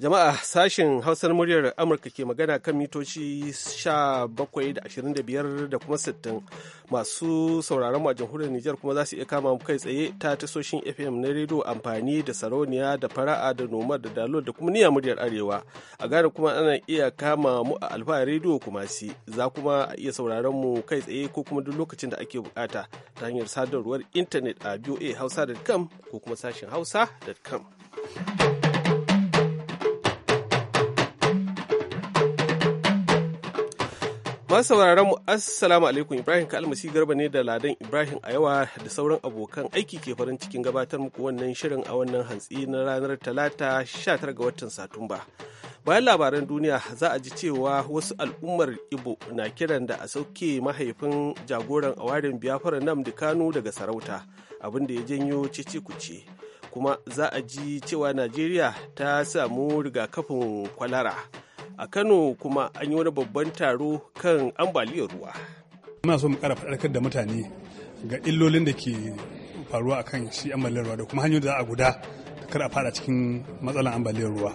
Jama'a sashen Hausar muryar Amurka ke magana kan mitoci 17.25 da kuma 60 masu sauraron a jamhuriyar Nijar kuma za su iya kama mu kai tsaye ta tasoshin FM na rediyo amfani da sarauniya da fara'a da noma da dalo da kuma niyyar muryar Arewa. A gane kuma ana iya kama mu a alfa rediyo kuma si za kuma a iya sauraron mu kai tsaye ko kuma duk lokacin da ake bukata ta hanyar sadarwar intanet a hausa.com ko kuma sashen hausa.com. Masu sauraron mu assalamu alaikum Ibrahim Kalmasi Garba ne da Ladan Ibrahim a yawa da sauran abokan aiki ke farin cikin gabatar muku wannan shirin a wannan hantsi na ranar Talata 19 ga watan Satumba. Bayan labaran duniya za a ji cewa wasu al'ummar Ibo na kiran da a sauke mahaifin jagoran awarin Biafra Namdi Kano daga sarauta abin da ya janyo cece kuce. Kuma za a ji cewa Najeriya ta samu rigakafin kwalara. a kano kuma an yi wani babban taro kan ambaliyar ruwa muna so mu kara faɗarkar da mutane ga illolin da ke faruwa a kan shi ambaliyar ruwa da kuma hanyoyin da za a guda kar a fara cikin matsalar ambaliyar ruwa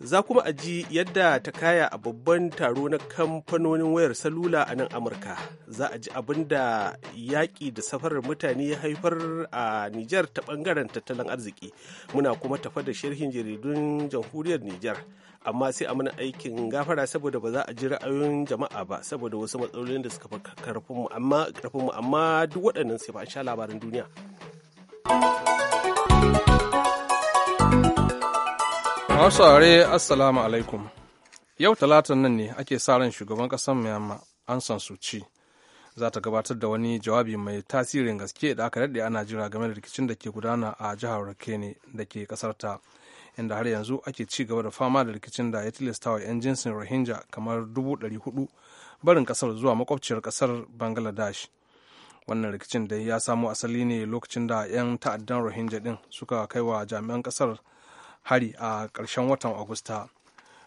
za kuma a ji yadda ta kaya a babban taro na kamfanonin wayar salula a nan amurka za a ji abin da yaƙi da safarar mutane ya haifar a nijar ta ɓangaren tattalin arziki muna kuma tafa da sharhin jaridun jamhuriyar nijar amma sai a mana aikin gafara saboda ba za a ji ra'ayoyin jama'a ba saboda wasu matsalolin da suka fi mu amma duk waɗannan sai ba sha labaran duniya Masu are Assalamu alaikum. Yau talatan nan ne ake sa ran shugaban ƙasar Myanmar an san ci za ta gabatar da wani jawabi mai tasirin gaske da aka daɗe ana jira game da rikicin da ke gudana a jihar Rakene da ke ƙasar ta. inda har yanzu ake ci gaba da fama da rikicin da ya tilasta wa 'yan jinsin rohingya kamar 400 barin kasar zuwa makwabciyar kasar bangladesh wannan rikicin da ya samo asali ne lokacin da 'yan ta'addan rohingya din suka kai wa jami'an kasar hari a ƙarshen watan agusta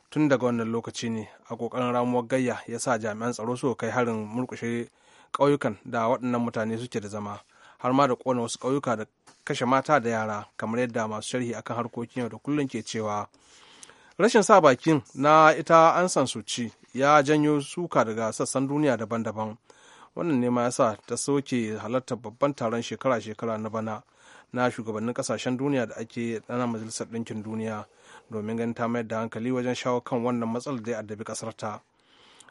tun daga wannan lokaci ne a ƙoƙarin ramuwar gayya ya sa jami'an tsaro suka kai harin murkushe ƙauyukan da waɗannan mutane suke da zama har ma da kona wasu ƙauyuka da kashe mata da yara kamar yadda masu sharhi akan harkokin yau da kullum ke cewa rashin sa bakin na ita an san suci ya janyo suka daga sassan duniya daban-daban wannan ne ma ya sa ta soke halartar babban taron shekara-shekara na bana na shugabannin kasashen duniya da ake dana majalisar ɗinkin duniya domin ganin ta mayar da hankali wajen shawo kan wannan matsalar da ya addabi ƙasar ta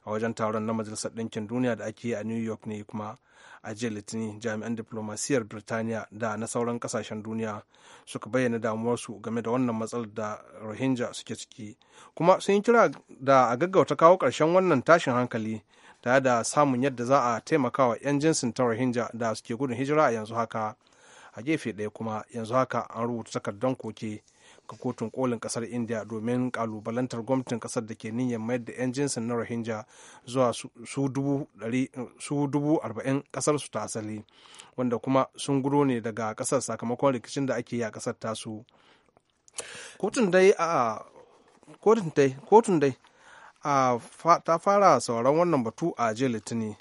a wajen taron na majalisar ɗinkin duniya da ake yi a new york ne kuma a jiya litinin jami'an diplomasiyyar birtaniya da na sauran kasashen duniya suka bayyana damuwarsu game da wannan matsalar da rohingya suke ciki kuma sun yi kira da a gaggauta kawo ƙarshen wannan tashin hankali da da samun yadda za a taimakawa 'yan jinsin ta rohingya da suke gudun hijira a yanzu haka a gefe ɗaya kuma yanzu haka an rubuta takardar koke ga kotun kolin kasar india domin kalubalantar gwamnatin kasar da ke niyyar mayar da 'yan jinsin na rohingya zuwa su dubu arba'in kasar su ta asali wanda kuma sun guro ne daga kasar sakamakon rikicin da ake yi a kasar tasu kotun dai a ta fara sauran wannan batu a jiya litinin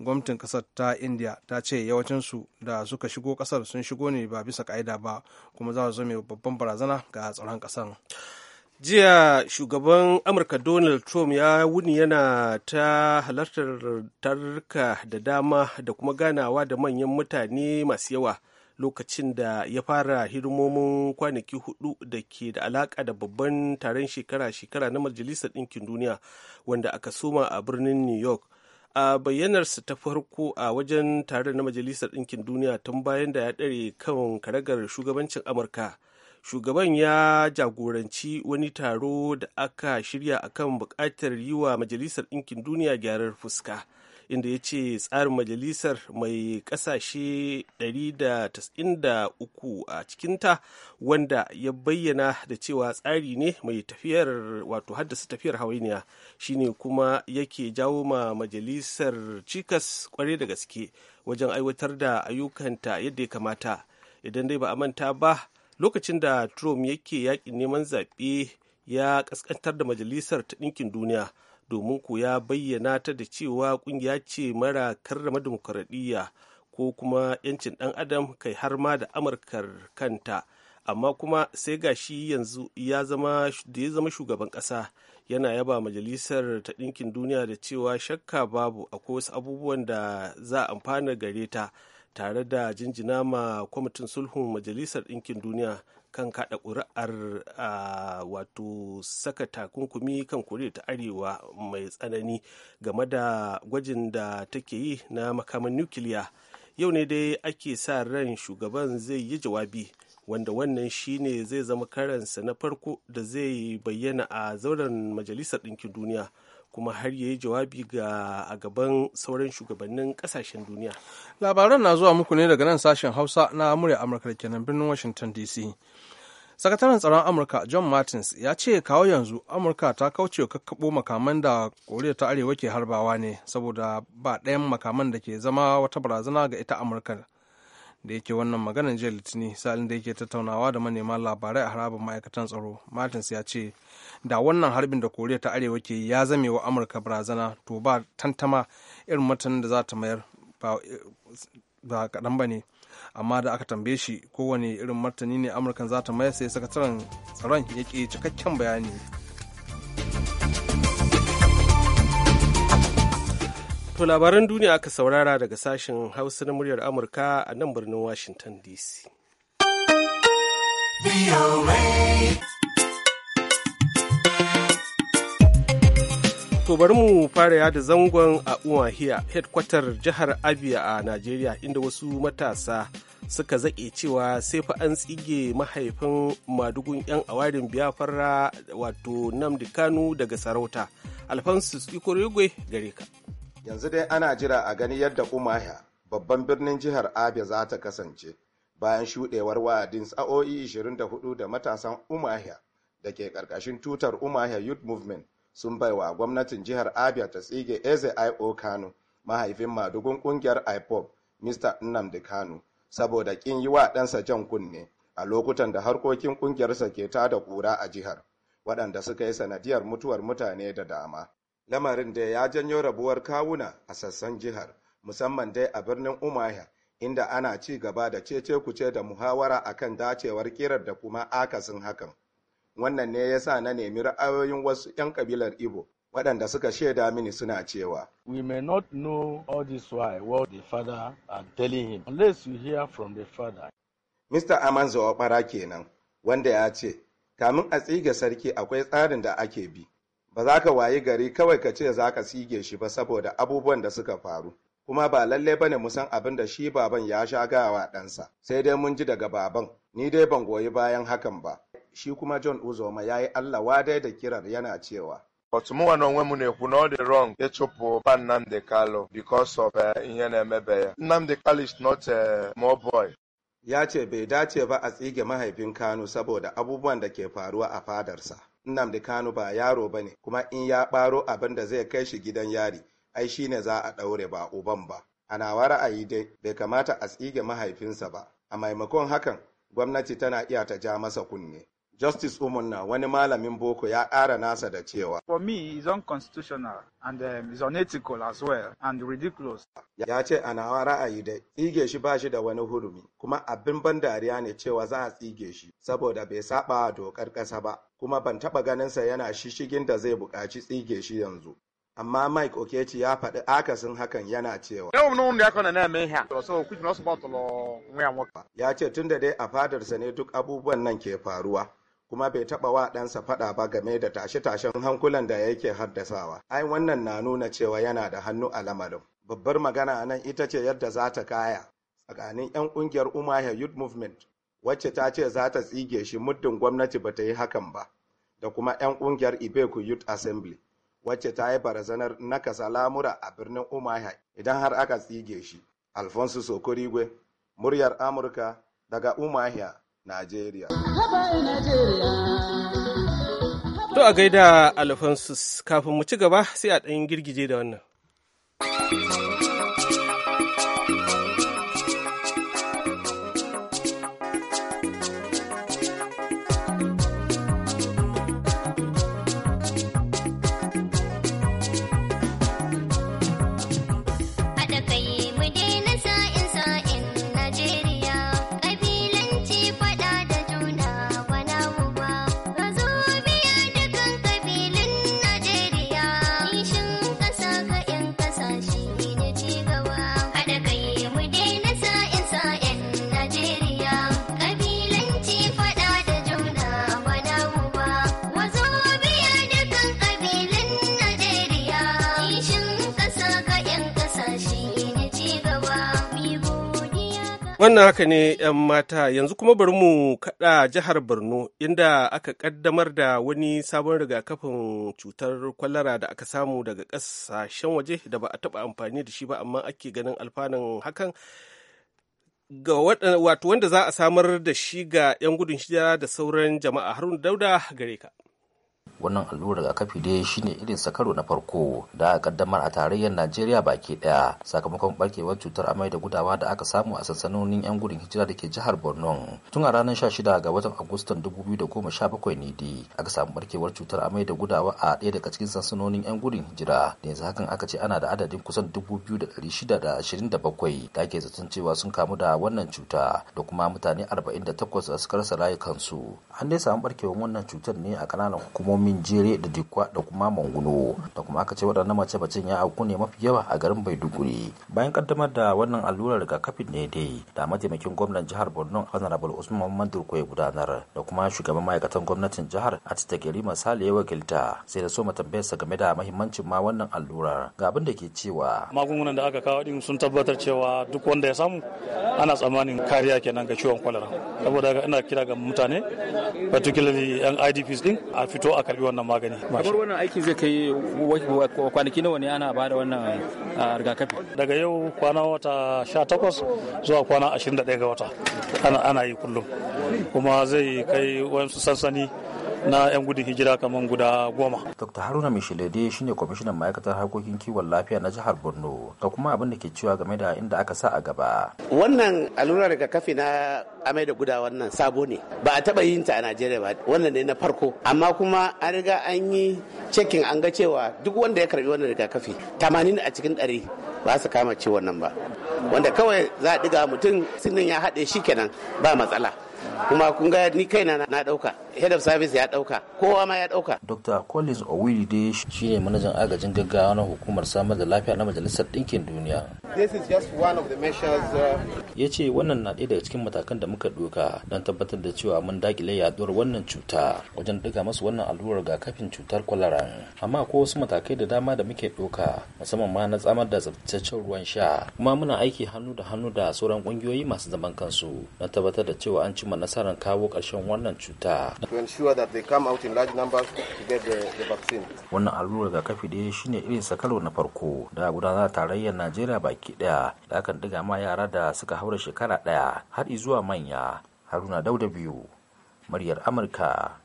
gwamnatin kasar ta india ta ce yawancinsu da suka shigo kasar sun shigo ne ba bisa ka'ida ba kuma za su zama babban barazana ga tsaron kasar jiya shugaban amurka donald trump ya wuni yana ta halartar tarka da dama da kuma ganawa da manyan mutane masu yawa lokacin da ya fara hidimomin kwanaki hudu da ke da alaka da babban taron shekara-shekara na majalisar ɗinkin duniya wanda aka soma a birnin new york a bayyanarsa ta farko a wajen taron na majalisar ɗinkin duniya tun bayan da ya ɗare kan karagar shugabancin amurka shugaban ya jagoranci wani taro da aka shirya akan buƙatar yi wa majalisar ɗinkin duniya gyarar fuska inda ya ce tsarin majalisar mai kasashe 193 a cikinta wanda ya bayyana da cewa tsari ne mai tafiyar wato haddasa tafiyar hawainiya shine kuma yake jawo ma majalisar cikas kware da gaske wajen aiwatar da ayyukanta yadda ya kamata idan dai ba a manta ba lokacin da trump yake yakin neman zaɓe ya ƙasƙantar da majalisar ta ɗinkin duniya domin ku ya bayyana ta da cewa kungiya ce mara karrama dimokuraɗiyya ko kuma 'yancin ɗan adam kai har ma da amurkar kanta amma kuma sai ga shi yanzu ya zama da ya zama shugaban ƙasa yana yaba majalisar ta ɗinkin duniya da cewa shakka babu akwai wasu abubuwan da za a amfana gare ta tare da jinjina ma kwamitin sulhun majalisar ɗinkin duniya kan kada ƙuri'ar wato saka takunkumi kan koriya ta arewa mai tsanani game da gwajin da take yi na makaman nukiliya yau ne dai ake sa ran shugaban zai yi jawabi wanda wannan shine zai zama karansa na farko da zai bayyana a zauren majalisar ɗinkin duniya kuma har ya yi jawabi ga a gaban sauran shugabannin ƙasashen duniya. Labaran na zuwa muku ne daga nan sashen Hausa na murya Amurka da kenan birnin Washington DC. Sakataren tsaron Amurka John Martins ya ce kawo yanzu Amurka ta kauce kakkaɓo makaman da Koriya ta Arewa ke harbawa ne saboda ba ɗayan makaman da ke zama wata barazana ga ita Amurka da yake wannan maganar jiya litinin sa'ilin da yake tattaunawa da manema labarai a harabar ma'aikatan tsaro martins ya ce da wannan harbin da koriya ta arewa ke ya zame wa amurka barazana to ba tantama irin mutanen da za ta mayar ba kaɗan ba ne amma da aka tambaye shi kowane irin martani ne amurkan za ta mayar sai sakataren tsaron ya cikakken bayani To labaran duniya aka saurara daga sashen Hausa na muryar Amurka a nan birnin Washington DC. To bari mu fara yada zangon a Umahiya, hedkwatar jihar Abia a Najeriya inda wasu matasa suka zaƙe cewa sai fa an tsige mahaifin madugun 'yan awarin biyafara wato Namdi Kanu daga sarauta. Alphonsus Ikorigwe gare ka. yanzu dai ana jira a gani yadda umaya babban birnin jihar abia za ta kasance bayan shudewar wa'adin sa'o'i 24 da matasan umaya da ke karkashin tutar umaya youth movement sun baiwa gwamnatin jihar abia ta tsige eze io kano mahaifin madugun kungiyar ipop mr nnamdi kano saboda kin yi wa ɗansa jan kunne a lokutan da harkokin ƙungiyarsa ke tada kura a jihar waɗanda suka yi sanadiyar mutuwar mutane da dama lamarin da ya janyo rabuwar kawuna a sassan jihar musamman dai a birnin umaya inda ana ci gaba da cece kuce da muhawara a kan dacewar kirar da kuma akasin hakan wannan ne ya sa na nemi ra'ayoyin wasu 'yan kabilar ibo waɗanda suka shaida mini suna cewa we may not know all this why what the father are telling him unless you hear from the father Mr. Amanzo kenan wanda ya ce kamin a tsige sarki akwai tsarin da ake bi ba za ka wayi gari kawai ka ce za ka sige shi ba saboda abubuwan da suka faru kuma ba lalle ba ne musan abin da shi baban ya sha gawa ɗansa sai dai mun ji daga baban ni dai ban goyi bayan hakan ba shi kuma john uzoma ya yi allah wadai da kirar yana cewa But mu na onwe mu na-ekwu na ọ dị wrong ịchụpụ nnamdi kalu because of eh, ihe na-emebe ya nnamdi kalu is not a more boy ya ce bai dace ba a tsige mahaifin Kano saboda abubuwan da ke faruwa a fadarsa Nnamdi Kanu ba yaro ba ne, kuma in ya ɓaro abin da zai kai shi gidan yari ai shi ne za a ɗaure ba uban ba. A nawa ra'ayi dai bai kamata a tsige mahaifinsa ba. A maimakon hakan gwamnati tana iya ta ja masa kunne. Justice Umunna wani malamin boko ya ƙara nasa da cewa. For me, it's unconstitutional and um, it's unethical as well and ridiculous. Ya ce a nawa ra'ayi da tsige shi ba shi da wani hurumi, kuma abin ban dariya ne cewa za a tsige shi saboda bai saba dokar ƙasa ba, kuma ban taɓa sa yana shishigin da zai buƙaci tsige shi yanzu. amma mike okechi ya faɗi akasin hakan yana cewa wanda ya ce tun da dai a fadarsa ne duk abubuwan nan ke faruwa kuma bai taba wa ɗansa faɗa ba game da tashe-tashen hankulan da yake haddasawa. Ai wannan na nuna cewa yana da hannu a lamarin. Babbar magana nan ita ce yadda za ta kaya tsakanin 'yan ƙungiyar Umaya Youth Movement wacce ta ce za ta tsige shi muddin gwamnati ba ta yi hakan ba da kuma 'yan ƙungiyar Ibeku Youth Assembly wacce ta yi barazanar nakasa lamura a birnin Umaya idan har aka tsige shi. Alfonso Sokorigwe, muryar Amurka daga Umaya. Najeriya. To a gaida Alfonsus kafin mu ci gaba sai a ɗan girgije da wannan. Wannan haka ne 'yan mata yanzu kuma bari mu kaɗa jihar Borno inda aka ƙaddamar da wani sabon rigakafin cutar kwalara da aka samu daga kasashen waje da ba a taba amfani da shi ba amma ake ganin alfanun hakan ga wato wanda za a samar da shi ga 'yan gudun shida da sauran jama'a harun dauda gare ka. wannan allurar rigakafi dai shine irin sa na farko da aka kaddamar a tarayyar Najeriya baki daya sakamakon barkewar cutar amai da gudawa da aka samu a sansanonin yan gudun hijira da ke jihar Borno tun a ranar 16 ga watan Agustan 2017 ne dai aka samu barkewar cutar amai da gudawa a ɗaya daga cikin sansanonin yan gudun hijira da yanzu hakan aka ce ana da adadin kusan 2627 da ake zaton cewa sun kamu da wannan cuta da kuma mutane 48 da suka rasa su. an dai samu barkewar wannan cutar ne a kananan hukumomi min jere da dikwa da kuma manguno da kuma aka ce waɗannan mace-macen ya auku ne mafi yawa a garin maiduguri bayan kaddamar da wannan allurar kafin ne dai da mataimakin gwamnan jihar borno honorable usman mandur ya gudanar da kuma shugaban ma'aikatan gwamnatin jihar a atitakeri masali ya wakilta sai da so tambayarsa game da mahimmancin ma wannan allurar ga abin da ke cewa magungunan da aka kawo din sun tabbatar cewa duk wanda ya samu ana tsammanin kariya kenan ga ciwon kwalara saboda ina kira ga mutane particularly yan idps din a fito a karbi wannan magani kamar wannan aikin zai kai kwanaki nawa ne ana bada wannan rigakafi daga yau kwana wata sha takwas zuwa kwana ashirin da ɗaya ga wata ana yi kullum kuma zai kai wani sansani na 'yan gudun hijira kamar guda goma. Dr. Haruna Mishilede shine kwamishinan ma'aikatar harkokin kiwon lafiya na jihar Borno da kuma abin da ke cewa game da inda aka sa a gaba. Wannan allurar rigakafi na amai da guda wannan sabo ne ba a taba yin ta a Najeriya ba wannan ne na farko amma kuma an riga an yi cekin an ga cewa duk wanda ya karbi wannan rigakafi tamanin a cikin 100 ba su kama ciwon nan ba wanda kawai za a diga mutum sinin ya haɗe shi kenan ba matsala kuma kun ga ni kaina na dauka head of service ya dauka kowa ma ya dauka dr collins owili dai shine manajan agajin gaggawa na hukumar samar da lafiya na majalisar ɗinkin duniya this is just one of the measures uh, ya ce wannan na ɗaya daga cikin matakan da muka doka don tabbatar da cewa mun dakile yaduwar wannan cuta wajen daga masu wannan allurar kafin cutar kwalara amma ko wasu matakai da dama da muke doka musamman ma na tsamar da tsabtataccen ruwan sha kuma muna aiki hannu da hannu da sauran ƙungiyoyi masu zaman kansu don tabbatar da cewa an cimma cimma nasarar kawo ƙarshen wannan cuta. To ensure that they come out in large Wannan allurar rigakafi daya shine irin sakalo na farko da gudanar tarayyar Najeriya baki daya da akan diga ma yara da suka haura shekara daya har zuwa manya. Haruna Dauda biyu, muryar Amurka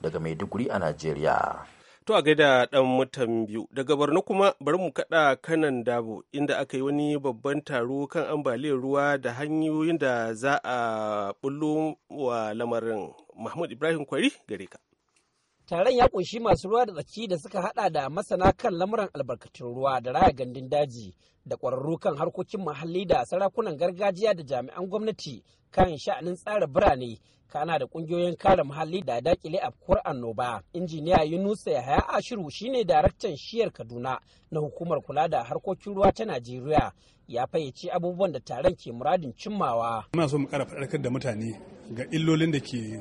daga Maiduguri a Najeriya. To a gaida ɗan mutan biyu daga barno kuma bari mu kaɗa kanan dabo inda aka yi wani babban taro kan ambaliyar ruwa da hanyoyin da za a bullo wa lamarin Mahmud Ibrahim Kwari gare ka. Taron ya kunshi masu ruwa da tsaki da suka hada da masana kan lamuran albarkatun ruwa da raya gandun daji da ƙwararru kan harkokin muhalli da sarakunan gargajiya da jami'an gwamnati kan sha'anin tsara birane kana da kungiyoyin kare muhalli da dakile a afkuwar annoba injiniya yunusa yahaya ashiru shine daraktan shiyar kaduna na hukumar kula da harkokin ruwa ta najeriya ya fayyace abubuwan da taron ke muradin cimmawa muna so mu kara faɗakar da mutane ga illolin da ke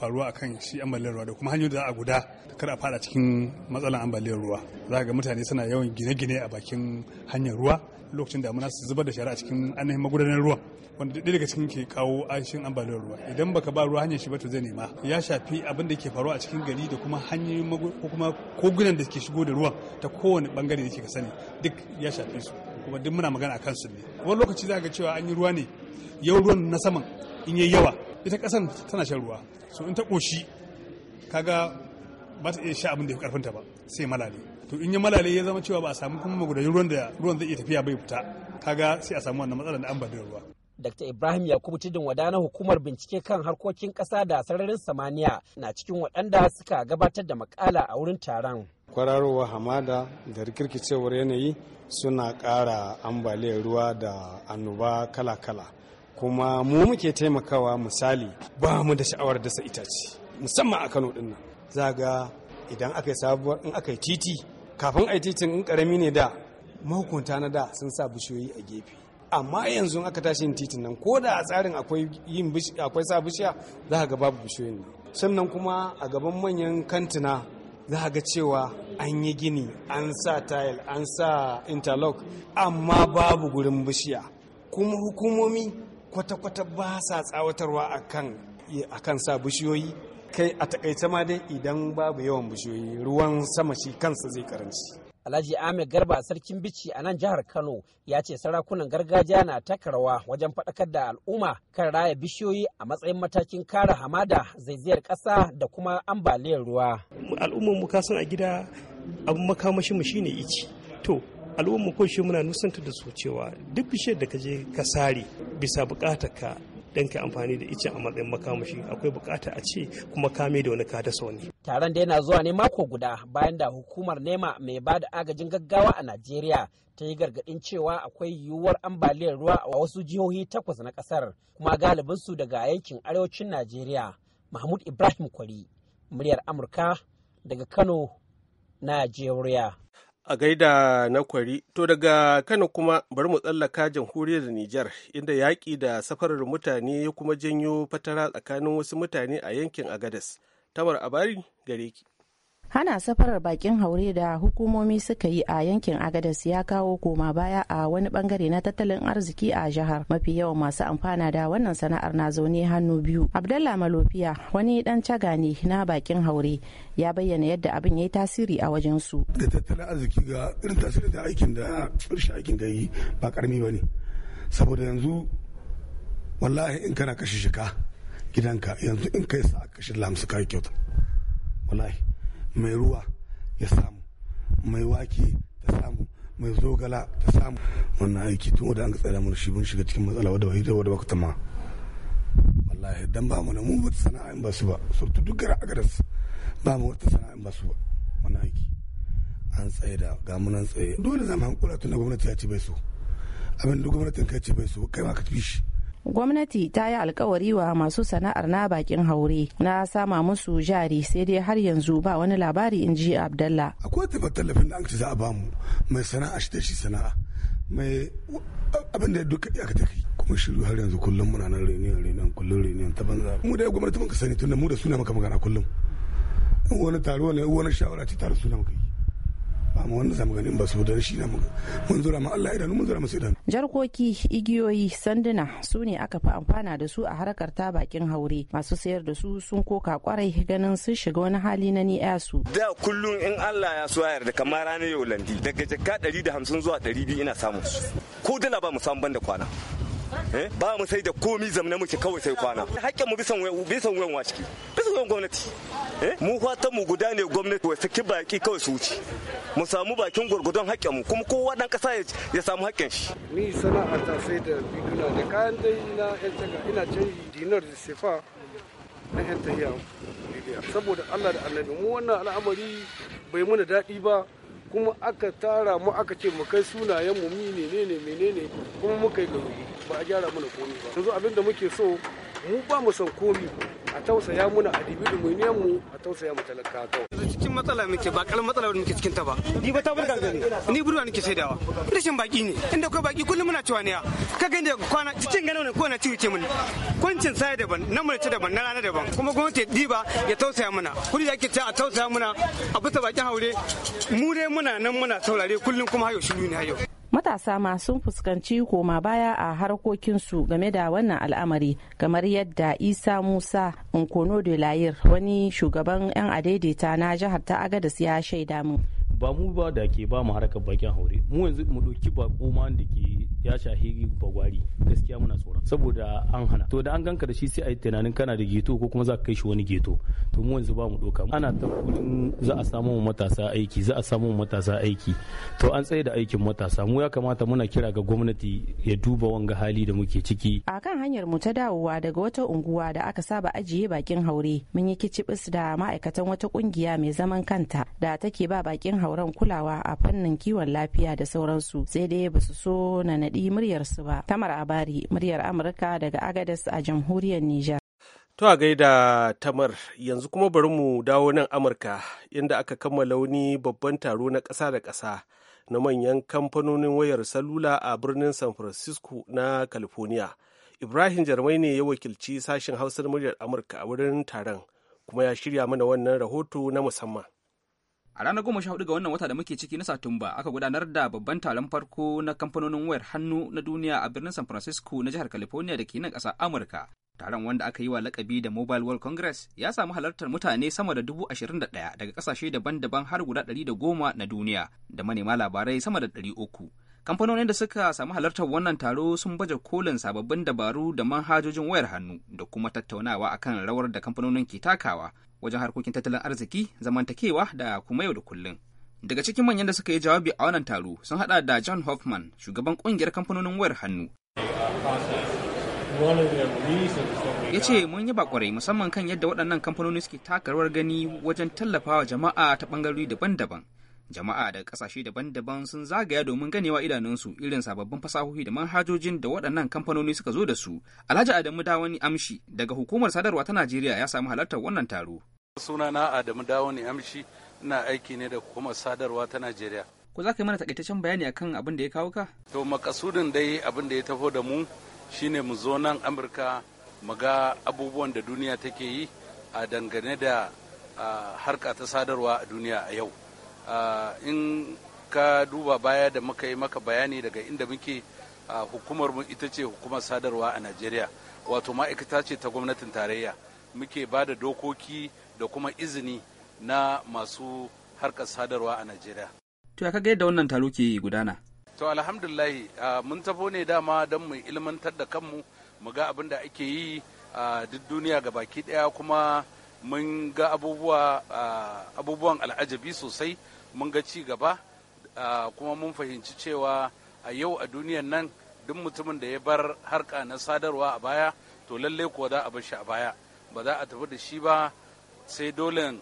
faruwa akan shi ambaliyar ruwa da kuma hanyoyin da za a guda kar a fada cikin matsalan ambaliyar ruwa za ga mutane suna yawan gine-gine a bakin hanyar ruwa lokacin damuna su zubar da shara a cikin ainihin magudanar ruwan wanda duk daga cikin ke kawo aishin ambaliyar ruwa idan baka ba ruwa hanyar shi ba to zai nema ya shafi abin da ke faruwa a cikin gari da kuma hanyoyin ko kuma kogunan da ke shigo da ruwan ta kowane bangare da ke ka sani duk ya shafe su kuma duk muna magana a su ne wani lokaci za ga cewa an yi ruwa ne yau ruwan na saman in yi yawa ita kasan tana shan ruwa so in ta koshi kaga ba ta iya sha abin da ya fi karfinta ba sai malale to in ya malale ya zama cewa ba a samu kuma magudanin ruwan da ruwan zai iya tafiya bai fita kaga sai a samu wannan matsalar da ambaliyar ruwa Dr. Ibrahim Yakubu Tudun wada na hukumar bincike kan harkokin kasa da sararin samaniya na cikin waɗanda suka gabatar da makala a wurin taron. Kwararowa hamada da rikirkicewar yanayi suna ƙara ambaliyar ruwa da annoba kala-kala. Kuma mu muke taimakawa misali ba mu da sha'awar dasa itace musamman a Kano ɗin nan. Za ga idan aka yi sabuwar in aka yi titi kafin a yi titin in karami ne da mahukunta na da sun sa bishiyoyi a gefe amma yanzu aka tashi yin titin nan ko da a tsarin akwai yin akwai sa bishiya za ga babu bishiyoyin sannan kuma a gaban manyan kantina za ga cewa an yi gini an sa tile an sa interlock amma babu gurin bishiya kuma hukumomi kwata-kwata ba sa tsawatarwa akan sa bishiyoyi kai a takaice ma dai idan babu yawan bishiyoyi ruwan sama shi kansa zai karanci Alhaji Ahmed Garba sarkin bici a nan jihar Kano ya ce sarakunan gargajiya na taka rawa wajen faɗakar da al'umma kan raya bishiyoyi a matsayin matakin kare hamada zaizayar ƙasa da kuma ambaliyar ruwa. Al'ummar mu kasan a gida abin makamashi mu shine ici. To al'ummar ko shi muna nusanta da su cewa duk bishiyar da ka je ka sare bisa buƙatar ka don ka amfani da icen a matsayin makamashi akwai bukata a ce kuma kame da wani kada wani. taron da yana zuwa ne mako guda bayan da hukumar nema mai ba da agajin gaggawa a najeriya ta yi gargaɗin cewa akwai yiwuwar ambaliyar ruwa a wasu jihohi takwas na ƙasar kuma galibin su daga yankin arewacin najeriya mahmud ibrahim kwari muryar amurka daga kano najeriya a gaida na kwari to daga kano kuma bari mu tsallaka jamhuriyar nijar inda yaƙi da safarar mutane ya kuma janyo fatara tsakanin wasu mutane a yankin agadas tamar abari gare ki hana safarar bakin haure da hukumomi suka yi a yankin agadas ya kawo koma baya a wani bangare na tattalin arziki a jihar mafi yawan masu amfana da wannan sana'ar na zaune hannu biyu abdalla malofiya wani dan caga ne na bakin haure ya bayyana yadda abin ya yi tasiri a wajen su da tattalin arziki ga irin tasiri da aikin da rashin aikin da yi ba karami ba ne saboda yanzu wallahi in kana kashe shika gidanka yanzu in kai sa kashe lamsu kai kyauta wallahi mai ruwa ya samu mai wake ta samu mai zogala ta samu wannan aiki tun wadda an ka tsada mana shi mun shiga cikin matsala wadda wahida wadda ba ta ma wallahi dan ba mu na mu wata sana'a in ba su ba surtu duk gara a garas ba mu wata sana'a in ba su ba wannan aiki an tsaye da ga mu nan tsaye dole zama hankula tun da gwamnati ya ce bai so abin da gwamnatin ka ce bai so kai ma ka fi shi gwamnati ta yi alkawari wa masu sana'ar na bakin haure na sama musu jari sai dai har yanzu ba wani labari in ji abdalla akwai tafa tallafin da an za a bamu mai sana'a shi da shi sana'a mai abin da duka ya ka tafi kuma shiru har yanzu kullum muna nan reniyan reniyan kullum reniyan ta banza mu da gwamnati mun ka sani tunda mu da suna maka magana kullum wani taro ne wani shawara ce tare suna maka yi amma wanda zamu ganin ba su da shi na mun zura ma Allah idanu mun zura masu idanu jarkoki igiyoyi sanduna su ne aka fi amfana da su a harkar ta bakin haure masu sayar da su sun koka kwarai ganin sun shiga wani hali na ni su da kullum in Allah ya so da kamar ranar yau landi daga jakka 150 zuwa 200 ina samun su ko dala ba mu samu banda kwana Eh? ba mu sai da komi zamne muke kawai sai kwana hakkin mu bisan bisan wayan waciki bisan wayan gwamnati eh? mu fatan mu guda ne gwamnati wai saki baki kawai su wuce mu samu bakin gurgudun hakkin mu kuma kowa dan kasa ya samu hakkin shi ni sana'a ta sai da biduna da kayan dai na yan ina canji dinar da sefa na yan tahiya saboda Allah da Annabi mu wannan al'amari bai muna daɗi ba kuma aka tara mu aka ce mu kai sunayen mu mi ne menene kuma muka yi gari ba a gyara mana komi ba yanzu abinda muke so mu ba mu son komi a tausaya muna a dibi mu a tausaya mu talaka kawai cikin matsala muke ba karamin matsala wadda muke cikin ta ba ni ba ta burga gani ni burwa nake saidawa rashin baki ne inda kai baki kullum muna cewa ne ka gani da kwana cikin gano ne ko ci ciwo ce kwancin sai daban na mace daban na rana daban kuma gwamnati diba ya tausaya mana kullum yake ta a tausaya mana a bisa baki haure mu dai muna nan muna saurare kullum kuma hayo shiru ne hayo matasa ma sun fuskanci koma baya a harkokinsu game da wannan al'amari kamar yadda isa musa nkono de layir wani shugaban 'yan adaidaita na jihar ta agadas ya shaida mu ba mu ba da ke ba mu harkar bakin haure mu yanzu mu ɗauki bako da ke ya shahi bagwari gaskiya muna tsoron saboda an hana to da an ganka da shi sai a yi tunanin kana da geto ko kuma za ka kai shi wani geto to mu yanzu ba mu doka ana ta za a samu matasa aiki za a samu matasa aiki to an tsaye da aikin matasa mu ya kamata muna kira ga gwamnati ya duba wanga hali da muke ciki a kan hanyar mu ta dawowa daga wata unguwa da aka saba ajiye bakin haure mun yi kicibis da ma'aikatan wata kungiya mai zaman kanta da take ba bakin hauren kulawa a fannin kiwon lafiya da sauransu sai dai ba su so na daɗi muryarsu ba. Tamar Abari, muryar Amurka daga Agadez a jamhuriyar Nijar. To a gaida tamar yanzu kuma bari mu dawo nan Amurka inda aka kammala wani babban taro na ƙasa da ƙasa na manyan kamfanonin wayar salula a birnin San Francisco na California. Ibrahim Jarmai ne ya wakilci sashen hausar muryar Amurka a wurin taron kuma ya shirya mana wannan rahoto na musamman. A ranar goma sha hudu ga wannan wata da muke ciki na Satumba aka gudanar da babban taron farko na kamfanonin wayar hannu na duniya a birnin San Francisco na jihar California da ke nan kasa Amurka. Taron wanda aka yi wa lakabi da Mobile World Congress ya samu halartar mutane sama da dubu ashirin da ɗaya daga kasashe daban-daban har guda ɗari da goma na duniya da manema labarai sama da ɗari uku. Kamfanonin da suka samu halartar wannan taro sun baje kolin sababbin dabaru da manhajojin wayar hannu da kuma tattaunawa akan rawar da kamfanonin ke takawa wajen harkokin tattalin arziki zamantakewa da kuma yau da kullum daga cikin manyan da suka yi jawabi a wannan taro sun hada da john hoffman shugaban kungiyar kamfanonin wayar hannu ya ce mun yi bakwarai musamman kan yadda waɗannan kamfanoni suke taka rawar gani wajen tallafawa jama'a ta ɓangarori daban-daban jama'a daga kasashe daban-daban sun zagaya domin ganewa idanunsu irin sababbin fasahohi da manhajojin da waɗannan kamfanoni suka zo da su alhaji adamu dawani amshi daga hukumar sadarwa ta najeriya ya samu halartar wannan taro sunana adamu dawani amshi ina aiki ne da hukumar sadarwa ta najeriya ko za ka yi mana takaitaccen bayani akan abin da ya kawo ka to makasudin dai abin da ya tafo da mu shine mu zo nan amurka mu ga abubuwan da duniya take yi a dangane da harka ta sadarwa a duniya a yau in ka duba baya da muka yi maka bayani daga inda muke hukumar mu ita ce hukumar sadarwa a najeriya wato ma'aikata ce ta gwamnatin tarayya muke ba da dokoki da kuma izini na masu harkar sadarwa a najeriya to ya kage yadda wannan taro ke gudana to alhamdulillahi mun tafo ne dama don mu ilmantar da kanmu mu ga abin da ake yi a duk duniya ga baki daya kuma mun ga abubuwan al'ajabi sosai mun ga ci gaba kuma mun fahimci cewa a yau a duniyan nan duk mutumin da ya bar harka na sadarwa a baya to lallai kuwa za a bar shi a baya ba za a tafi da shi ba sai dolen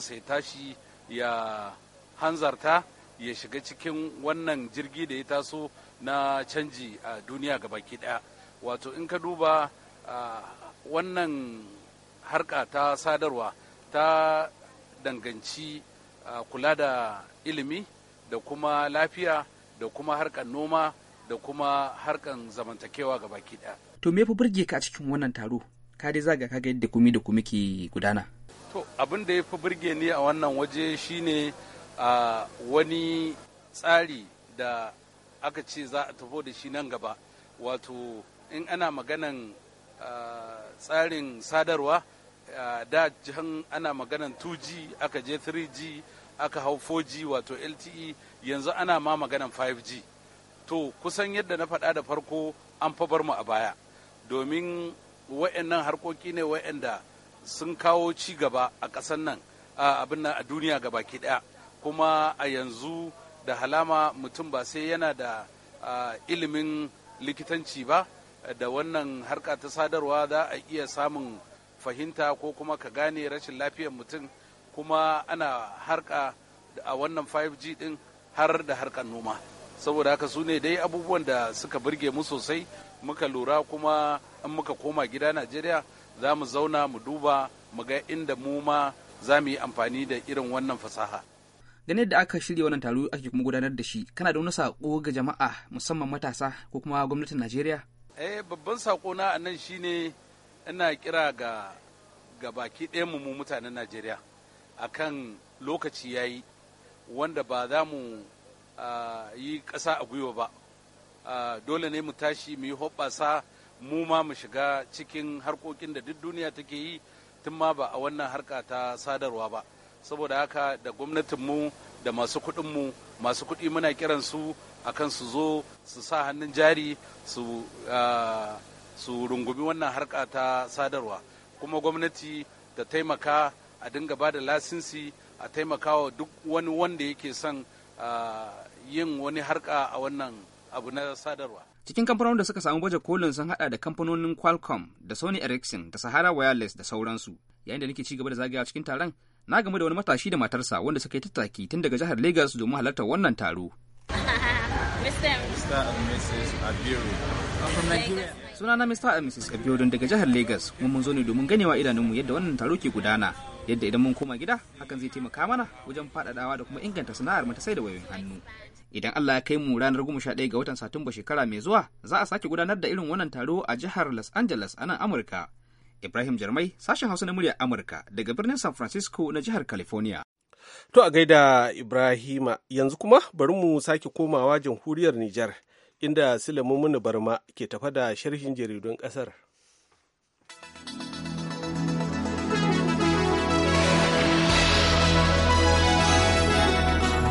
sai tashi ya hanzarta ya shiga cikin wannan jirgi da ya taso na canji a duniya baki daya wato in ka duba wannan harka ta sadarwa ta danganci kula da ilimi da kuma lafiya da kuma harkar noma da kuma harkan zamantakewa ga baki ɗaya. To me fi burge ka a cikin wannan taro? Ka dai zaga kaga yadda kumi da kumi ke gudana. To abin da ya fi burge ni a wannan waje shine a wani tsari da aka ce za a tafi da shi nan gaba. Wato in ana maganan tsarin sadarwa da jihan ana maganan 2G aka je 3G aka hau 4G wato LTE yanzu ana ma maganan 5G to kusan yadda na faɗa da farko an fa bar mu a baya domin wa'annan harkoki ne wa'anda sun kawo ci gaba a ƙasan nan abin nan a duniya ga baki ɗaya kuma a yanzu da halama mutum ba sai yana da ilimin likitanci ba da wannan harka ta sadarwa za a iya samun fahimta ko kuma ka gane rashin lafiyar mutum kuma ana harka a wannan 5G din har da harkar noma saboda haka su ne dai abubuwan da suka burge mu sosai muka lura kuma in muka koma gida najeriya za mu zauna mu duba mu ga inda mu ma za mu yi amfani da irin wannan fasaha ganin da aka shirya wannan taro ake kuma gudanar da shi kana da wani sako ga jama'a musamman matasa ko kuma gwamnatin najeriya eh babban sako na nan shine ina kira ga ga baki ɗayan mu mutanen najeriya akan lokaci ya yi wanda ba za mu yi ƙasa a gwiwa ba dole ne mu tashi mu yi hoɓasa mu ma mu shiga cikin harkokin da duk duniya take yi tun ma ba a wannan harka ta sadarwa ba saboda haka da gwamnatinmu da masu kuɗinmu masu kuɗi muna kiran su akan su zo su sa hannun jari su su rungumi wannan harka ta sadarwa kuma gwamnati ta taimaka a dinga ba da lasinsi a taimakawa duk wani wanda yake son yin wani harka a wannan abu na sadarwa. Cikin kamfanonin da suka samu baje kolin sun hada da kamfanonin Qualcomm da Sony Ericsson da Sahara Wireless da sauransu. Yayin da nake ci gaba da zagaya cikin taron, na game da wani matashi da matarsa wanda suka yi tattaki tun daga jihar Lagos domin halartar wannan taro. suna na Mr. and Mrs. Abiodun daga jihar Lagos, kuma mun zo ne domin ganewa idanunmu yadda wannan taro ke gudana. yadda idan mun koma gida hakan zai taimaka mana wajen faɗaɗawa da kuma inganta sana'ar mu ta sai da wayoyin hannu idan Allah ya kai mu ranar 11 ga watan Satumba shekara mai zuwa za a sake gudanar da irin wannan taro a jihar Los Angeles a nan Amurka Ibrahim Jarmai sashen Hausa na muryar Amurka daga birnin San Francisco na jihar California To a gaida Ibrahima yanzu kuma bari mu sake komawa jamhuriyar Nijar inda Sulaiman Barma ke tafa da sharhin jaridun ƙasar.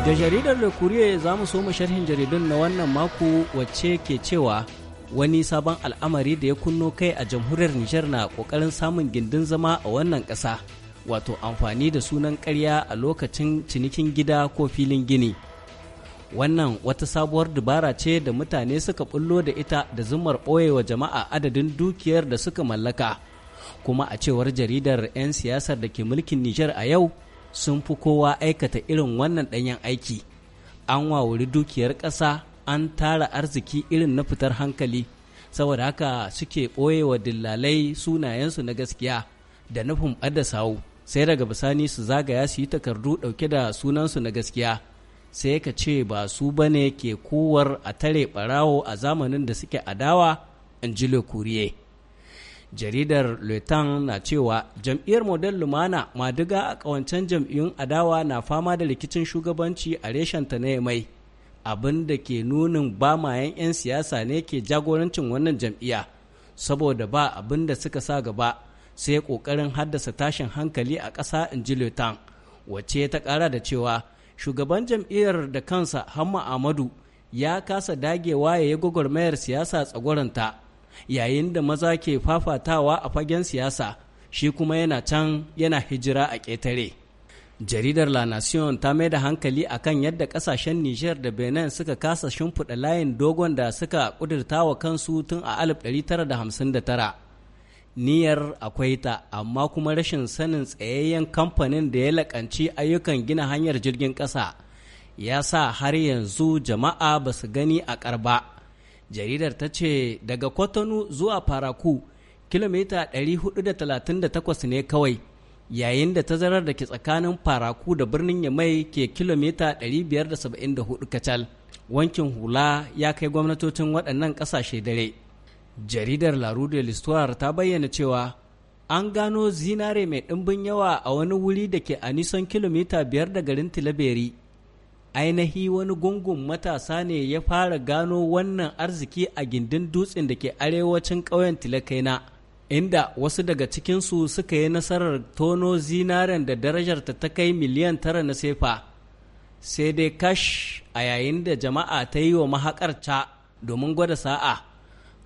Da jaridar da kuriya za mu so mu sharhin jaridun na wannan mako wacce ke cewa wani sabon al'amari da ya kunno kai a jamhuriyar Nijar na kokarin samun gindin zama a wannan ƙasa. Wato amfani da sunan karya a lokacin cinikin gida ko filin gini. Wannan wata sabuwar dubara ce da mutane suka bullo da ita da zumar ɓoyewa jama'a adadin dukiyar da suka mallaka. Kuma a cewar jaridar 'yan siyasar da ke mulkin Nijar a yau, sun fi kowa aikata irin wannan ɗanyen aiki an wawuri dukiyar ƙasa an tara arziki irin na fitar hankali saboda haka suke ɓoye wa dillalai sunayensu na gaskiya da nufin ɓada sawu sai daga bisani su zagaya su yi takardu ɗauke da sunansu na gaskiya sai ka ce ba su ba ne ke kowar a tare ɓarawo a zamanin da suke adawa in ji le jaridar letan na cewa jam'iyyar model lumana madiga a kawancen jam'iyyun adawa na fama da rikicin shugabanci a reshen ta na mai abin da ke nunin bamayen 'yan siyasa ne ke jagorancin wannan jam'iyya saboda ba abin da suka sa gaba sai ƙoƙarin haddasa tashin hankali a ƙasa in ji letan wacce ta ƙara da cewa shugaban jam'iyyar da kansa hamma Ahmadu ya kasa dagewa ya yi gwagwarmayar siyasa tsagoranta yayin da maza ke fafatawa a fagen siyasa shi kuma yana can yana hijira a ƙetare jaridar la nation ta mai da hankali akan yadda kasashen niger da benin suka kasa shimfiɗa layin dogon da suka ƙudurta wa kansu tun a 1959 niyyar akwai ta amma kuma rashin sanin tsayayyen kamfanin da ya lakanci ayyukan gina hanyar jirgin ƙasa ya sa har yanzu jama'a ba su gani a ƙar ba. jaridar ta ce daga kwatano zuwa faraku kilomita 438 ne kawai yayin da tazarar da ke tsakanin faraku da birnin yamai ke kilomita 574 kacal wankin hula ya kai gwamnatocin waɗannan ƙasashe dare jaridar larude listuwar ta bayyana cewa an gano zinare mai ɗimbin yawa a wani wuri da ke a nisan kilomita 5 da garin tilaberi ainihi wani gungun matasa ne ya fara gano wannan arziki a gindin dutsen da ke arewacin ƙauyen tilakaina inda wasu daga cikinsu suka yi nasarar tono zinaren da darajarta ta kai miliyan tara na sefa sai dai kash a yayin da jama'a ta yi wa mahaƙar ca domin gwada sa'a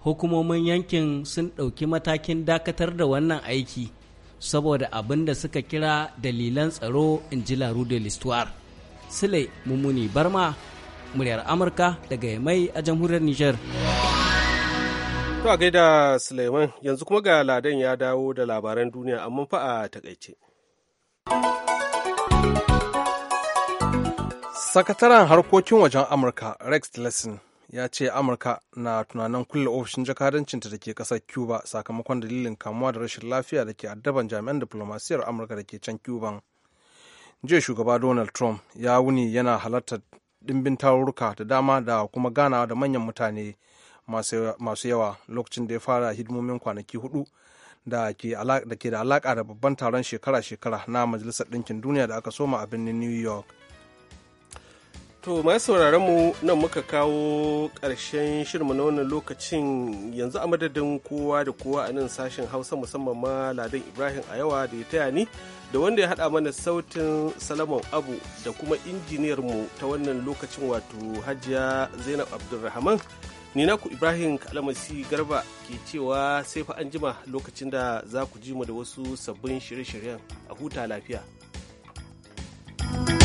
hukumomin yankin sun ɗauki matakin dakatar da wannan aiki saboda abin da suka kira dalilan tsaro in ji laru de l'histoire Sule Mummuni Barma, muryar Amurka daga mai a jamhuriyar Nijar. To a gaida Suleiman yanzu kuma ga Ladan ya dawo da labaran duniya amma fa a takaice. Sakataren harkokin wajen Amurka Rex Tillerson ya ce Amurka na tunanin kulle ofishin jakadancinta da ke ƙasar Cuba sakamakon dalilin kamuwa da rashin lafiya da ke addaban jami'an diplomasiyar Amurka da ke can Cuban. jiya shugaba donald trump ya wuni yana halartar dimbin tarurruka da dama da kuma ganawa da manyan mutane masu yawa lokacin da ya fara hidimomin kwanaki hudu da ke da alaka da babban taron shekara-shekara na majalisar ɗinkin duniya da aka soma a birnin new york To masu sauraron mu nan muka kawo ƙarshen shirmu na wannan lokacin yanzu a madadin kowa da kowa a nan sashen Hausa musamman ma Ladan Ibrahim ayawa da ya taya ni da wanda ya haɗa mana sautin salama Abu da kuma injiniyar mu ta wannan lokacin wato Hajiya Zainab Abdulrahman. Ni ku Ibrahim Kalamasi Garba ke cewa sai fa an jima lokacin da za ku ji mu da wasu sabbin shirye-shiryen a huta lafiya. thank you